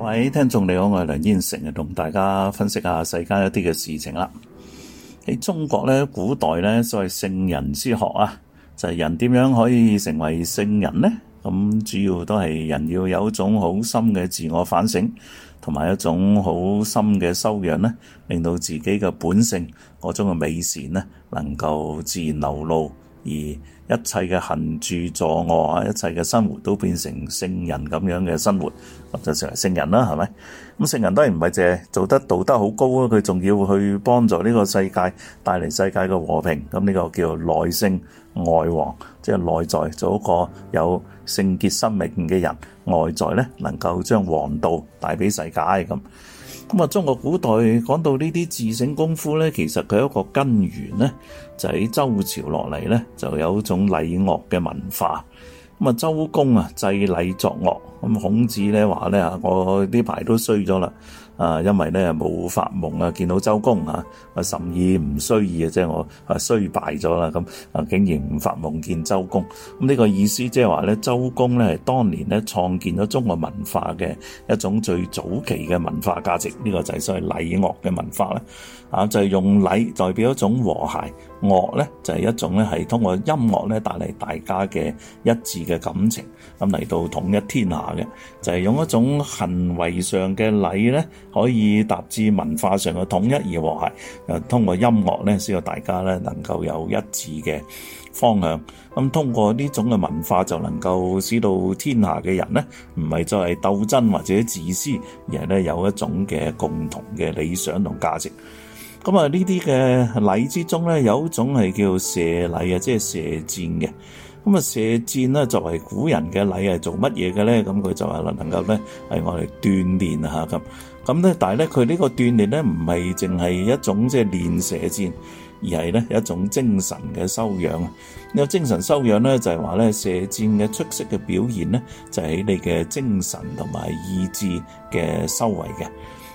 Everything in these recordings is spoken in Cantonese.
各位聽眾你好，我係梁燕城，同大家分析下世間一啲嘅事情啦。喺中國咧，古代咧，所謂聖人之學啊，就係人點樣可以成為聖人呢？咁主要都係人要有一種好深嘅自我反省，同埋一種好深嘅修養咧，令到自己嘅本性，嗰種嘅美善咧，能夠自然流露而。一切嘅行住坐臥啊，一切嘅生活都變成聖人咁樣嘅生活，咁就成為聖人啦，係咪？咁聖人當然唔係淨係做得道德好高啊，佢仲要去幫助呢個世界，帶嚟世界嘅和平。咁呢個叫內聖外王，即係內在做一個有聖潔生命嘅人，外在咧能夠將王道帶俾世界咁。咁啊，中國古代講到呢啲自省功夫咧，其實佢有一個根源咧，就喺周朝落嚟咧，就有一種禮樂嘅文化。咁啊，周公啊，制禮作樂。咁孔子咧話咧啊，我呢排都衰咗啦，啊，因為咧冇發夢啊，見到周公啊，啊，甚至唔衰意啊，即係我啊衰敗咗啦，咁啊竟然唔發夢見周公，咁呢個意思即係話咧，周公咧係當年咧創建咗中國文化嘅一種最早期嘅文化價值，呢個就係所謂禮樂嘅文化咧，啊，就係用禮代表一種和諧，樂咧就係一種咧係通過音樂咧帶嚟大家嘅一致嘅感情，咁嚟到統一天下。就係用一種行為上嘅禮咧，可以達至文化上嘅統一而和諧。誒、嗯，通過音樂咧，使到大家咧能夠有一致嘅方向。咁通過呢種嘅文化，就能夠使到天下嘅人咧，唔係再鬥爭或者自私，而係咧有一種嘅共同嘅理想同價值。咁、嗯、啊，呢啲嘅禮之中咧，有一種係叫射禮啊，即係射箭嘅。咁啊，射箭咧，作為古人嘅禮係做乜嘢嘅咧？咁佢就係能能夠咧，係我哋鍛鍊下咁咁咧。但係咧，佢呢個鍛鍊咧，唔係淨係一種即係練射箭，而係咧一種精神嘅修養啊。呢個精神修養咧，就係話咧射箭嘅出色嘅表現咧，就喺你嘅精神同埋意志嘅修為嘅。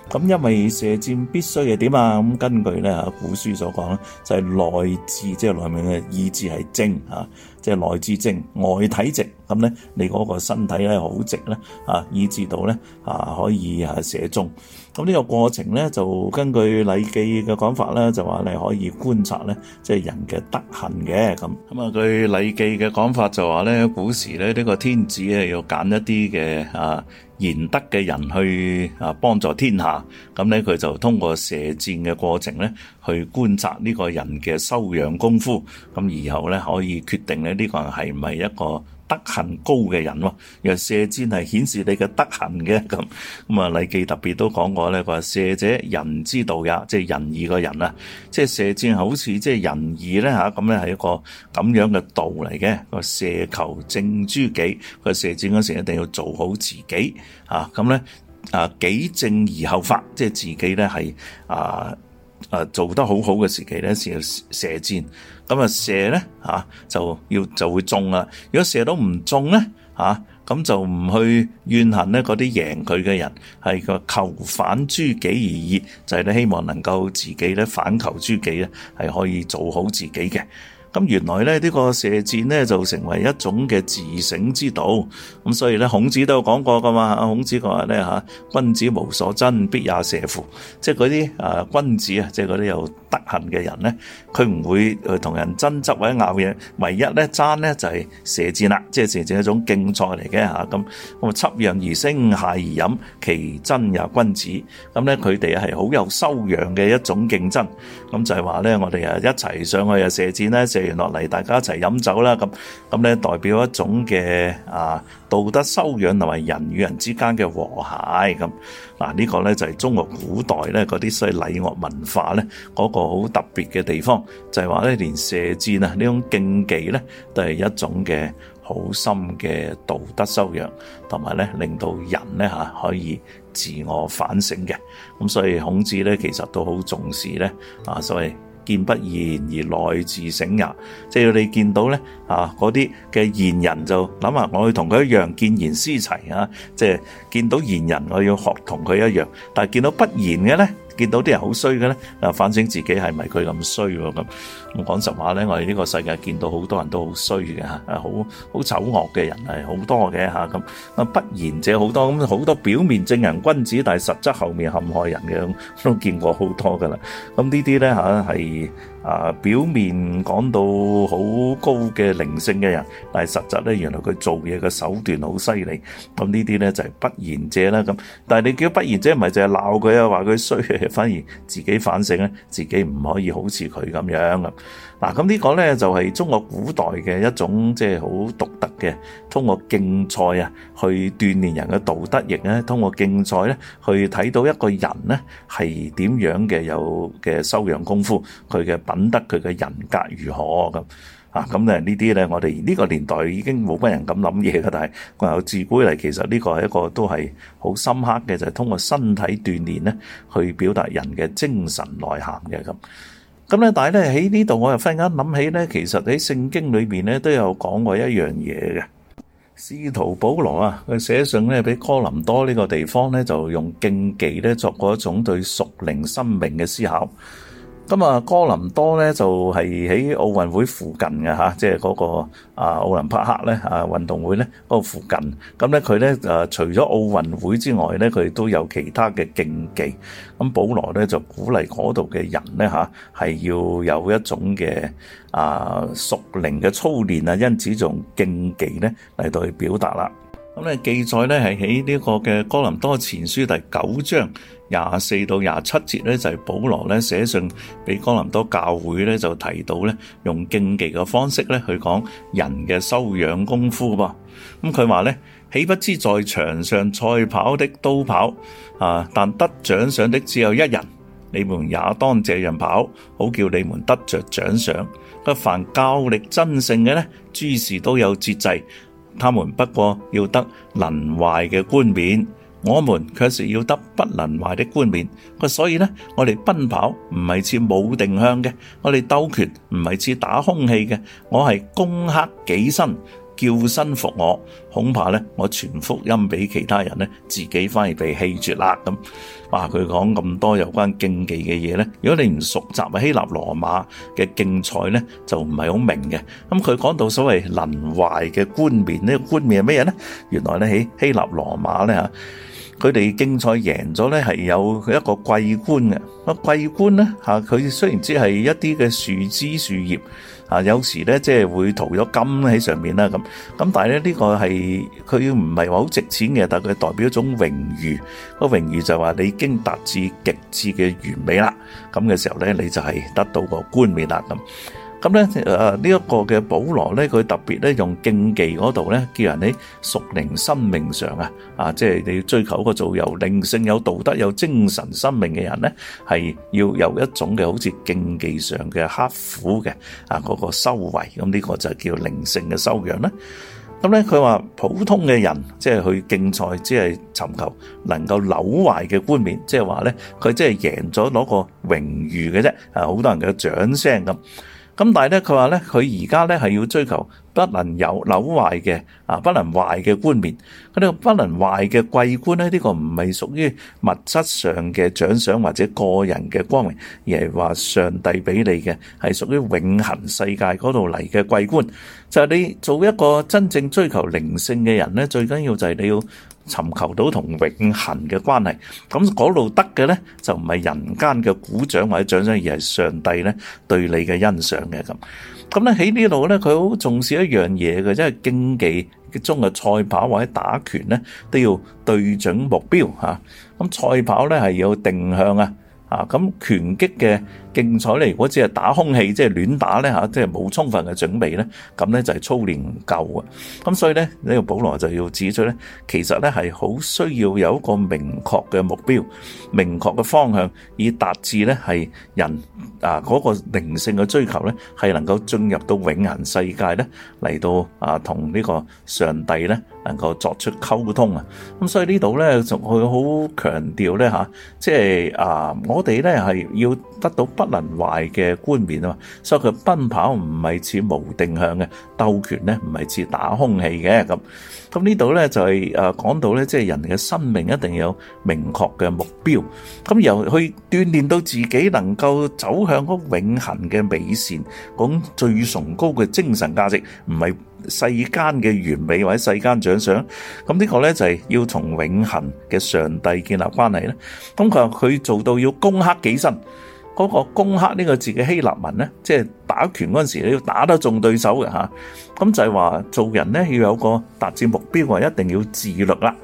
咁因為射箭必須係點啊？咁根據咧嚇古書所講咧，就係內志，即係內面嘅意志係精嚇。即係內志正，外體直咁咧，你嗰個身體咧好直咧，啊以至到咧啊可以啊射中。咁呢個過程咧就根據《禮記》嘅講法咧，就話你可以觀察咧，即係人嘅德行嘅咁。咁啊，據《禮記》嘅講法就話咧，古時咧呢個天子要啊要揀一啲嘅啊賢德嘅人去啊幫助天下。咁咧佢就通過射箭嘅過程咧，去觀察呢個人嘅修養功夫，咁然後咧可以決定咧。呢個人係咪一個德行高嘅人咯？因為射箭係顯示你嘅德行嘅咁咁啊！嗯、禮記特別都講過咧，佢話射者仁之道也，即係仁義嘅人啊！即係射箭好似即係仁義咧吓，咁咧係一個咁樣嘅道嚟嘅。個射求正諸己，佢射箭嗰時一定要做好自己啊！咁咧啊，己正而後發，即係自己咧係啊。誒做得好好嘅時期咧，射射箭，咁啊射咧嚇就要就會中啦。如果射都唔中咧嚇，咁、啊、就唔去怨恨咧嗰啲贏佢嘅人，係個求反諸己而已。就係、是、咧希望能夠自己咧反求諸己咧，係可以做好自己嘅。咁原來咧，呢個射箭咧就成為一種嘅自省之道。咁所以咧，孔子都有講過噶嘛。阿孔子講話咧嚇，君子無所爭，必也射乎。即係嗰啲啊君子啊，即係嗰啲有德行嘅人咧，佢唔會去同人爭執或者拗嘢。唯一咧爭咧就係射箭啦，即係射箭係一種競賽嚟嘅嚇。咁咁啊，揖讓而升，下而飲，其真也君子。咁咧，佢哋係好有修養嘅一種競爭。咁就係話咧，我哋啊一齊上去啊射箭咧，射完落嚟大家一齊飲酒啦，咁咁咧代表一種嘅啊道德修養同埋人與人之間嘅和諧咁。嗱呢、啊呢個咧就係中國古代咧嗰啲所謂禮樂文化咧嗰個好特別嘅地方，就係話咧連射箭啊呢種競技咧都係一種嘅。好深嘅道德修養，同埋咧令到人咧吓，可以自我反省嘅。咁所以孔子咧其實都好重視咧啊所謂見不賢而內自省也，即係你見到咧啊嗰啲嘅賢人就諗下，我要同佢一樣，見賢思齊啊，即係見到賢人我要學同佢一樣。但係見到不賢嘅咧，見到啲人好衰嘅咧，啊反省自己係咪佢咁衰咁。咁講實話咧，我哋呢個世界見到好多人都好衰嘅嚇，好好醜惡嘅人係好多嘅嚇。咁啊不賢者好多，咁好多表面正人君子，但係實質後面陷害人嘅，都見過好多噶啦。咁呢啲咧嚇係啊表面講到好高嘅靈性嘅人，但係實質咧原來佢做嘢嘅手段好犀利。咁呢啲咧就係、是、不賢者啦。咁但係你叫不賢者唔係淨係鬧佢啊，話佢衰，反而自己反省咧，自己唔可以好似佢咁樣咁。嗱，咁呢個咧就係中國古代嘅一種即係好獨特嘅，通過競賽啊去鍛煉人嘅道德亦咧，通過競賽咧去睇到一個人咧係點樣嘅有嘅修養功夫，佢嘅品德佢嘅人格如何咁啊，咁呢呢啲咧我哋呢個年代已經冇乜人咁諗嘢噶，但係自古以嚟其實呢個係一個都係好深刻嘅，就係通過身體鍛煉咧去表達人嘅精神內涵嘅咁。咁咧，但係咧喺呢度，我又忽然間諗起咧，其實喺聖經裏邊咧都有講過一樣嘢嘅。使徒保羅啊，佢寫信咧俾哥林多呢個地方咧，就用競技咧作過一種對屬靈生命嘅思考。咁啊，哥林多咧就係喺奧運會附近嘅吓，即係嗰個啊奧林匹克咧啊運動會咧嗰個附近。咁咧佢咧誒除咗奧運會之外咧，佢都有其他嘅競技。咁保羅咧就鼓勵嗰度嘅人咧吓，係要有一種嘅啊熟練嘅操練啊，因此從競技咧嚟到去表達啦。咁咧記載咧係喺呢個嘅哥林多前書第九章廿四到廿七節咧，就係、是、保羅咧寫信俾哥林多教會咧，就提到咧用競技嘅方式咧去講人嘅修養功夫噃。咁佢話咧，豈不知在場上賽跑的都跑啊，但得獎賞的只有一人。你們也當這樣跑，好叫你們得著獎賞。凡較力爭勝嘅咧，諸事都有節制。他們不過要得能壞嘅冠冕，我們卻是要得不能壞的冠冕。個所以呢，我哋奔跑唔係似冇定向嘅，我哋鬥拳唔係似打空氣嘅，我係攻克己身，叫身服我。恐怕呢，我傳福音俾其他人呢，自己反而被棄絕啦咁。話佢講咁多有關競技嘅嘢呢，如果你唔熟習啊希臘羅馬嘅競賽呢，就唔係好明嘅。咁佢講到所謂能壞嘅冠冕咧，冠冕係咩嘢呢？原來咧喺希臘羅馬呢，嚇，佢哋競賽贏咗呢，係有一個桂冠嘅。乜桂冠呢，嚇、啊？佢雖然只係一啲嘅樹枝樹葉。啊，有時咧即係會淘咗金喺上面啦，咁咁，但係咧，呢個係佢唔係話好值錢嘅，但佢代表一種榮譽。個榮譽就係話你已經達至極致嘅完美啦，咁嘅時候咧，你就係得到個冠冕啦咁。咁咧，誒呢一個嘅保羅咧，佢特別咧用競技嗰度咧，叫人喺屬靈生命上啊，啊，即係你要追求一個做有靈性、有道德、有精神生命嘅人咧，係要有一種嘅好似競技上嘅刻苦嘅啊，嗰個修為咁，呢個就係叫靈性嘅修養啦。咁咧，佢話普通嘅人即係去競賽，即係尋求能夠扭壞嘅冠冕，即係話咧，佢即係贏咗攞個榮譽嘅啫，啊，好多人嘅掌聲咁。咁但係咧，佢話咧，佢而家咧係要追求不能有扭壞嘅啊，不能壞嘅冠冕。佢呢個不能壞嘅桂冠咧，呢個唔係屬於物質上嘅獎賞或者個人嘅光榮，而係話上帝俾你嘅，係屬於永恆世界嗰度嚟嘅桂冠。就係你做一個真正追求靈性嘅人咧，最緊要就係你要。尋求到同永恆嘅關係，咁嗰度得嘅咧就唔係人間嘅鼓掌或者掌聲，而係上帝咧對你嘅欣賞嘅咁。咁咧喺呢度咧，佢好重視一樣嘢嘅，即係競技嘅中嘅賽跑或者打拳咧，都要對準目標嚇。咁賽跑咧係有定向啊，啊咁拳擊嘅。競賽咧，如果只係打空氣，即係亂打咧嚇，即係冇充分嘅準備咧，咁咧就係操練唔夠啊！咁所以咧，呢個保羅就要指出咧，其實咧係好需要有一個明確嘅目標、明確嘅方向，以達至咧係人啊嗰個靈性嘅追求咧，係能夠進入到永恆世界咧，嚟到啊同呢個上帝咧能夠作出溝通啊！咁所以呢度咧，就佢好強調咧嚇，即係啊，我哋咧係要得到不不能壞嘅冠冕啊嘛，所以佢奔跑唔係似無定向嘅，鬥拳咧唔係似打空氣嘅咁。咁呢度咧就係誒講到咧，即係人嘅生命一定要有明確嘅目標，咁由去鍛煉到自己能夠走向個永恒嘅美善，講最崇高嘅精神價值，唔係世間嘅完美或者世間獎賞。咁呢個咧就係要從永恒嘅上帝建立關係咧。咁佢話佢做到要攻克己身。嗰個攻克呢個字嘅希臘文呢，即係打拳嗰陣時你要打得中對手嘅嚇，咁、啊、就係話做人呢要有個達至目標，一定要自律啦。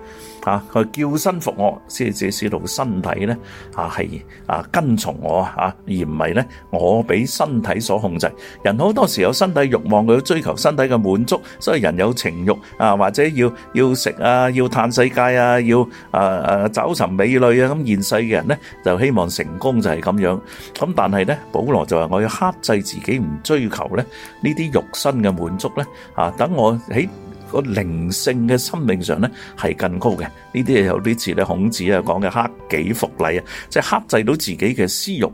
啊！佢叫身服我，先至，使到身體咧啊係啊跟從我啊，而唔係咧我俾身體所控制。人好多時有身體欲望，佢要追求身體嘅滿足，所以人有情欲啊，或者要要食啊，要嘆世界啊，要誒誒找尋美女啊，咁現世嘅人咧就希望成功就係咁樣。咁但係咧，保羅就話我要克制自己，唔追求咧呢啲肉身嘅滿足咧啊，等我喺。個靈性嘅生命上咧係更高嘅，呢啲嘢有啲似咧孔子啊講嘅克己復禮啊，即係克制到自己嘅私欲。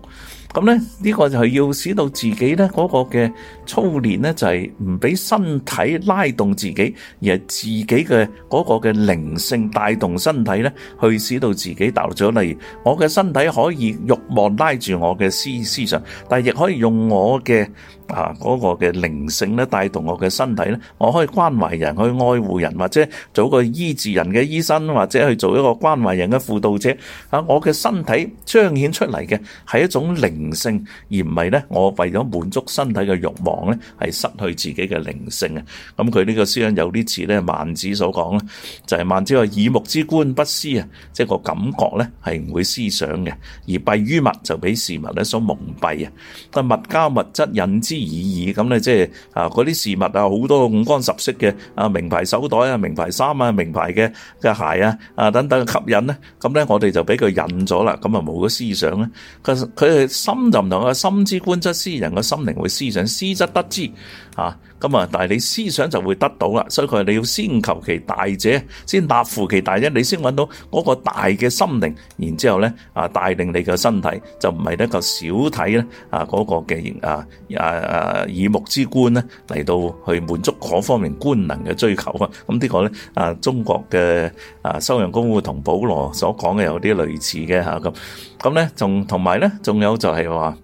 咁咧呢個就係要使到自己咧嗰個嘅操練咧就係唔俾身體拉動自己，而係自己嘅嗰個嘅靈性帶動身體咧去使到自己達到咗。例如我嘅身體可以欲望拉住我嘅思思想，但係亦可以用我嘅。啊！嗰、那個嘅靈性咧，帶動我嘅身體咧，我可以關懷人，去以愛護人，或者做個醫治人嘅醫生，或者去做一個關懷人嘅輔導者。啊！我嘅身體彰顯出嚟嘅係一種靈性，而唔係咧我為咗滿足身體嘅慾望咧，係失去自己嘅靈性嘅。咁佢呢個思想有啲似咧孟子所講咧，就係、是、孟子話耳目之觀不思啊，即係個感覺咧係唔會思想嘅，而蔽於物就俾事物咧所蒙蔽啊。但物交物質引之。意，意義咁咧，即係啊嗰啲事物啊，好多五光十色嘅啊，名牌手袋啊，名牌衫啊，名牌嘅嘅鞋啊，啊等等吸引咧，咁咧我哋就俾佢引咗啦，咁啊冇咗思想咧，佢佢係心就唔同啊，心之官則思人，人個心靈會思想，思則得之啊，咁啊，但係你思想就會得到啦，所以佢話你要先求其大者，先立乎其大者，你先揾到嗰個大嘅心靈，然之後咧啊，帶領你嘅身體就唔係一個小體咧啊個嘅啊啊。啊誒，耳目之官咧嚟到去滿足嗰方面官能嘅追求、這個、啊！咁呢個咧，誒，中國嘅誒，修養功夫同保羅所講嘅有啲類似嘅吓咁。咁咧仲同埋咧，仲有，有就係話，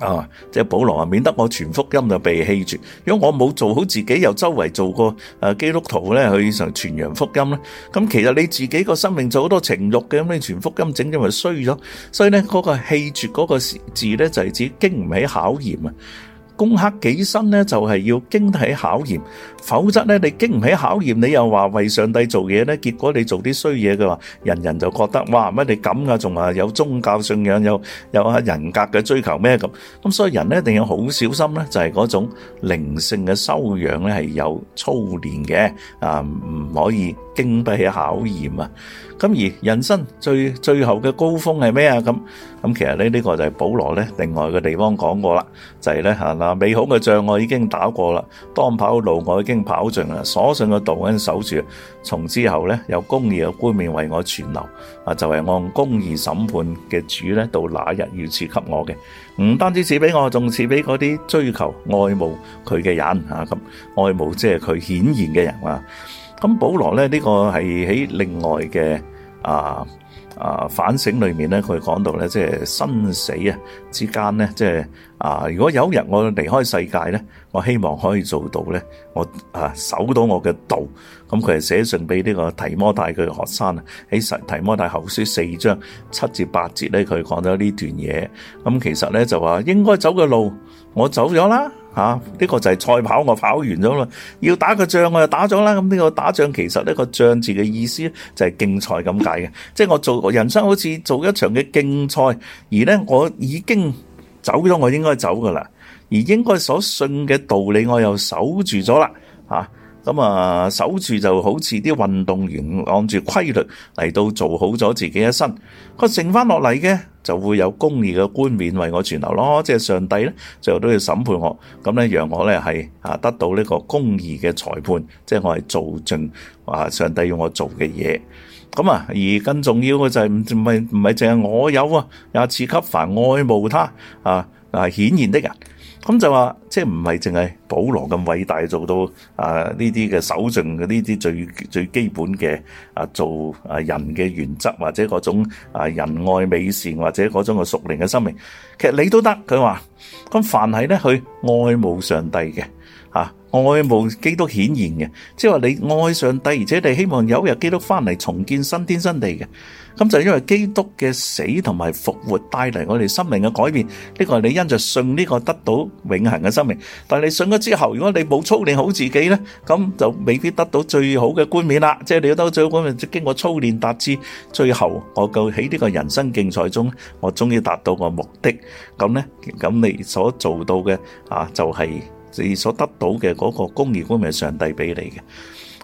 啊，即係保羅啊，免得我傳福音就被棄絕，如果我冇做好自己，又周圍做過誒基督徒咧去就傳揚福音咧。咁、啊、其實你自己個生命做好多情欲嘅，咁、嗯、你傳福音整咗咪衰咗？所以咧嗰、那個棄絕嗰個字咧就係、是、指經唔起考驗啊！攻克己身咧，就係要經得起考驗，否則咧你經唔起考驗，你又話為上帝做嘢咧，結果你做啲衰嘢嘅話，人人就覺得哇，乜你咁噶？仲話有宗教信仰，有有啊人格嘅追求咩咁。咁所以人咧一定要好小心咧，就係嗰種靈性嘅修養咧係有操練嘅啊，唔可以。經不起考驗啊，咁而人生最最後嘅高峰係咩啊？咁咁其實咧呢個就係保羅咧另外嘅地方講過啦，就係咧吓嗱美好嘅仗已經打過啦，當跑路我已經跑盡啦，所信嘅道跟守住，從之後咧有公義嘅冠冕為我存留啊，就係、是、按公義審判嘅主咧，到那日要賜給我嘅，唔單止賜俾我，仲賜俾嗰啲追求愛慕佢嘅人啊，咁愛慕即係佢顯現嘅人啊。咁保羅咧呢個係喺另外嘅啊啊反省裏面咧，佢講到咧，即係生死啊之間咧，即係啊如果有一日我離開世界咧，我希望可以做到咧，我啊守到我嘅道。咁佢係寫信俾呢個提摩太佢嘅學生啊，喺實提摩太後書四章七至八節咧，佢講咗呢段嘢。咁其實咧就話應該走嘅路，我走咗啦。吓，呢個就係賽跑，我跑完咗啦。要打個仗，我又打咗啦。咁呢個打仗其實呢個仗字嘅意思就係競賽咁解嘅，即係我做人生好似做一場嘅競賽，而呢，我已經走咗，我應該走噶啦，而應該所信嘅道理我又守住咗啦，啊。咁啊，守住就好似啲運動員按住規律嚟到做好咗自己一身，佢剩翻落嚟嘅，就會有公義嘅冠冕為我存留咯。即係上帝咧，最後都要審判我，咁咧讓我咧係啊得到呢個公義嘅裁判，即係我係做盡啊上帝要我做嘅嘢。咁啊，而更重要嘅就係唔係唔係淨係我有啊，又賜給凡愛慕他啊啊顯現的人。咁就話，即係唔係淨係保羅咁偉大做到啊呢啲嘅守正嘅呢啲最最基本嘅啊做啊人嘅原則，或者嗰種啊仁愛美善，或者嗰種嘅熟齡嘅生命。其實你都得。佢話，咁凡係咧去愛慕上帝嘅。愛慕基督顯然嘅，即係話你愛上帝，而且你希望有一日基督返嚟重建新天新地嘅。咁就因為基督嘅死同埋復活帶嚟我哋生命嘅改變，呢個係你因着信呢個得到永恆嘅生命。但係你信咗之後，如果你冇操練好自己呢，咁就未必得到最好嘅冠冕啦，即係你要得到最好冠冕，就經過操練達至，最後，我夠喺呢個人生競賽中，我終於達到個目的。咁呢，咁你所做到嘅，啊，就係，你所得到嘅嗰個公義冠冕係上帝俾你嘅。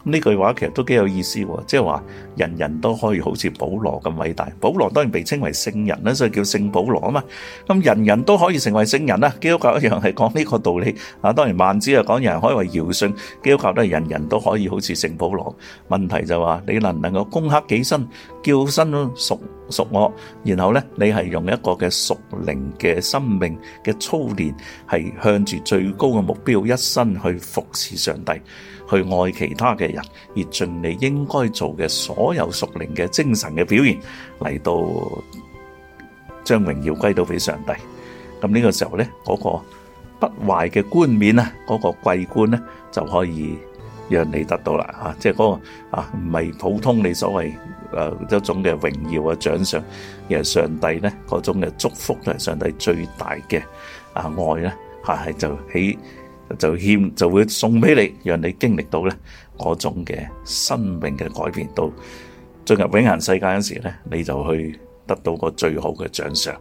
咁呢句話其實都幾有意思喎。即係話，人人都可以好似保羅咁偉大。保羅當然被稱為聖人，所以叫聖保羅啊嘛。咁人人都可以成為聖人啦，基督教一樣係講呢個道理。當然，孟子又講人，可以為堯舜。基督教都係人人都可以好似聖保羅。問題就話，你能唔能夠攻克己身，叫身熟，屬我，然後咧，你係用一個嘅屬靈嘅生命嘅操練，係向住最高嘅目標，一生去服侍上帝，去愛其他嘅人，而盡你應該做嘅所有屬靈嘅精神嘅表現嚟到，將榮耀歸到俾上帝。咁呢個時候咧，嗰個不壞嘅冠冕啊，嗰個桂冠咧就可以。讓你得到啦，吓，即係嗰個啊，唔係普通你所謂誒一種嘅榮耀啊獎賞，而係上帝呢嗰種嘅祝福，係上帝最大嘅啊愛呢，係係就起就欠就會送俾你，讓你經歷到呢嗰種嘅生命嘅改變，到進入永恒世界嗰時呢，你就去得到個最好嘅獎賞。